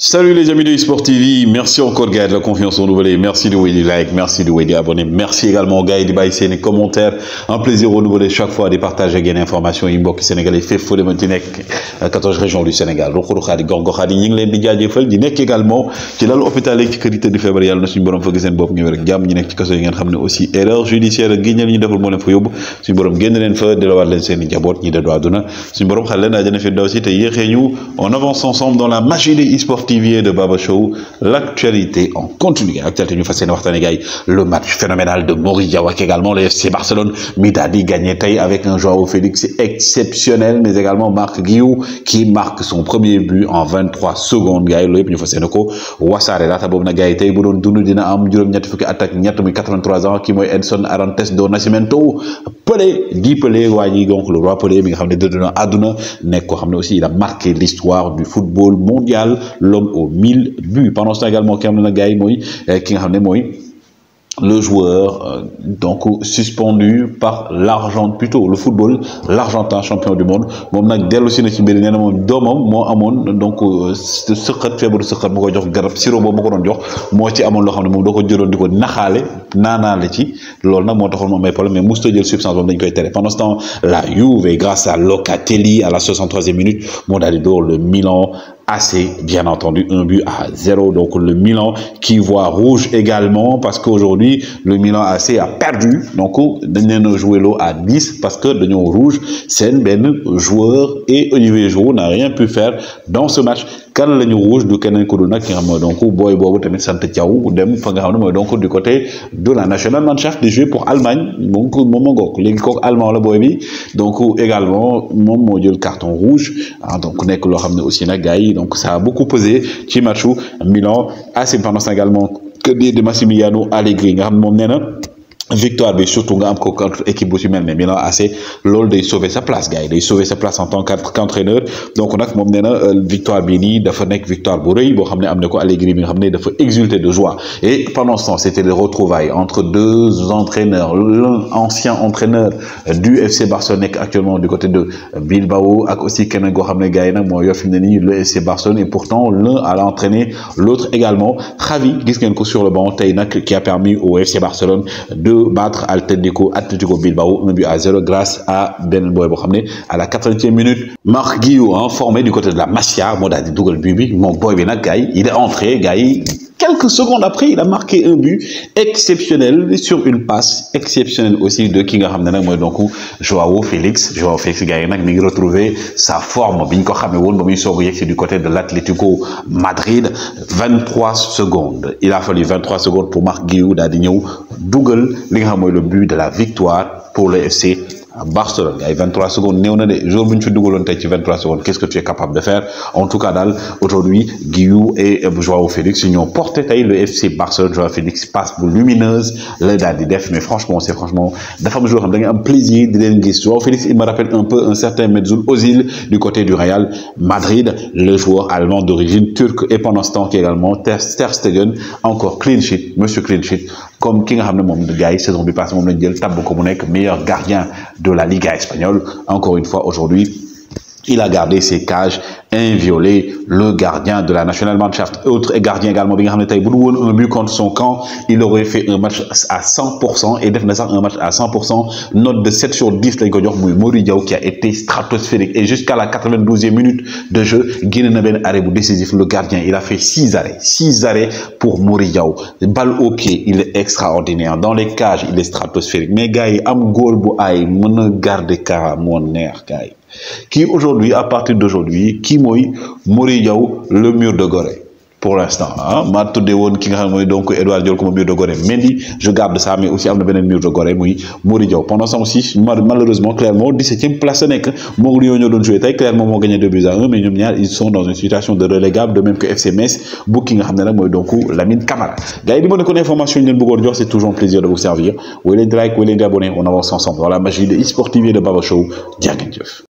Salut les amis de eSport TV, merci encore gars de la confiance en renouvelée, merci de vous des like, merci de vous abonner, merci également gars de baisser les commentaires, un plaisir voilà chaque fois de partager des informations inbox sénégalais fait fou de Montenegro, euh, 14 régions du Sénégal. Rokoro Khadi Gorgo Khadi ñing leen di di également ci lal hôpital ci kër yi février. feebar yàlla na suñu borom fa seen bopp ñu wér ak jàmm ci yi aussi erreur judiciaire ak giñal ñu deful moo leen fa yóbbu suñu borom génn leen fa delawaat leen seen i njaboot ñi de doaduna suñu borom xal leen àjjana fi daw te yéexee ñu on avance ensemble dans la magie des Sport. TV de Baba Show l'actualité en continu actualité nous faisons yéene waxtaanee le match phénoménal de Maurice yawak également le FC Barcelone Midadi gagnetei gagné avec un au Félix exceptionnel mais également Marc Guiou qui marque son premier but en 23 secondes gars yi loolu yëpp ñu la yéene ko wasaare laata dina am attaque ñett 83 ans qui est Edson Arantes do Nascimento Pelé di Pelé donc le roi Pelé mais aussi il a marqué l'histoire du football mondial l'homme aux 1000 buts pendant ce temps également euh, ki nga xam ne nag gars le joueur euh, donc suspendu par l'argent plutôt le football l'Argentin champion du monde moom nak dellu si na ci mbir néna mom domam mo amone donc euh, sëqat feebaru sëqat bu ko jox garab sirop boobu ma ko jox mo ci amone lo xam mom doko da diko naxalé di ko ci lool nak mo taxoon mom ay problème mais musta jël substance mom dañ koy tere pendant ce temps la Juve grâce à Locatelli à la 63e minute moo daal le Milan assez, bien entendu, un but à zéro. Donc le Milan qui voit rouge également parce qu'aujourd'hui, le Milan AC a perdu. Donc, nous joué l'eau à 10 parce que l'Union Rouge, c'est ben joueur et Olivier Giroud n'a rien pu faire dans ce match. Quand l'Union Rouge du Kenen Corona qui a donc boy boy tamit sante tiaw dem fa nga xamne moy donc du côté de la nationale mannschaft de jouer pour Allemagne donc momo gok légui allemand la boy donc également mom mo le carton rouge ah, donc nek lo xamne aussi Nagai donc ça a beaucoup pesé Chimachu Milan ses Valence également que dit de Massimiliano Allegri grand victoire bi surtout nga am ko contre équipe bu ci mel ne assez AC loolu day sauver sa place gars de sauver sa place en tant qu'entraîneur donc on a nee na euh, victoire bi nii dafa nek victoire bu reuy bo xamné ne ko Allegri bi xamné exulter de joie et pendant ce temps c'était les retrouvailles entre deux entraîneurs l'un ancien entraîneur du FC Barcelone actuellement du côté de Bilbao ak aussi keneen go xamné ne gars mo nag le FC Barcelone et pourtant l'un a entraîné l'autre également Xavi gis ngeen ko sur le banc tay nak qui a permis au FC Barcelone de battre Atletico, Atletico Bilbao, un à 0 grâce à Ben Boy à la 80e minute. Marc Guillaume hein, formé du côté de la Masia, moi, Dougal Bibi mon boy, il est entré, Gaï, quelques secondes après, il a marqué un but exceptionnel sur une passe exceptionnelle aussi de King nga donc Joao Félix Joao Félix gars yi nag sa forme bi ko il c'est du côté de l'Atlético Madrid 23 secondes il a fallu 23 secondes pour Marc Guéhiou daal di le but de la victoire pour le FC Barcelone il y a 23 secondes néew na jour fi 23 secondes qu'est-ce que tu es capable de faire en tout cas aujourd'hui Guillou et Joao Félix ont porté le FC Barcelone Joao Félix passe pour lumineuse le à di def mais franchement c'est franchement dafa Je joueur xam un plaisir d'être leen Joao Félix il me rappelle un peu un certain Mesut Ozil, du côté du Real Madrid le joueur allemand d'origine turque et pendant ce temps également, Ter Stegen encore clean monsieur clean comme King nga xam ne gars saison bi passée meilleur gardien de la Liga espagnole encore une fois aujourd'hui il a gardé ses cages inviolées. Le gardien de la National Mannschaft, autre gardien également, un but contre son camp. Il aurait fait un match à 100% et de un match à 100%. Note de 7 sur 10, Moridiao qui a été stratosphérique. Et jusqu'à la 92e minute de jeu, Guinée Ben Arebou décisif, le gardien. Il a fait 6 arrêts. 6 arrêts pour Mouridiaou. Balle au pied, il est extraordinaire. Dans les cages, il est stratosphérique. Mais gars, il a un goal mon qui aujourd'hui, à partir d'aujourd'hui, qui mooy Mori le mur de Gorée pour l'instant ah hein? maa tuddee woon nga xam donc Edouard Diol comme mur de Gorée Mais je garde ça mais aussi am na mur de Gorée muy Mori Diaw pendant ce temps aussi malheureusement clairement 17e place la nekk moom ñoo joué Clairement, Clermont gagné 2 buts à 1 mais ñoom ñaar ils sont dans une situation de relégable de même que FC Metz Booking ki nga xam ne donc Lamine Camara gars yi li ma nekkoon information yi ñu leen bëggoon jox c'est toujours un plaisir de vous servir Ou les di like les abonnés, on avance ensemble dans la magie de e TV de Baba Show jaa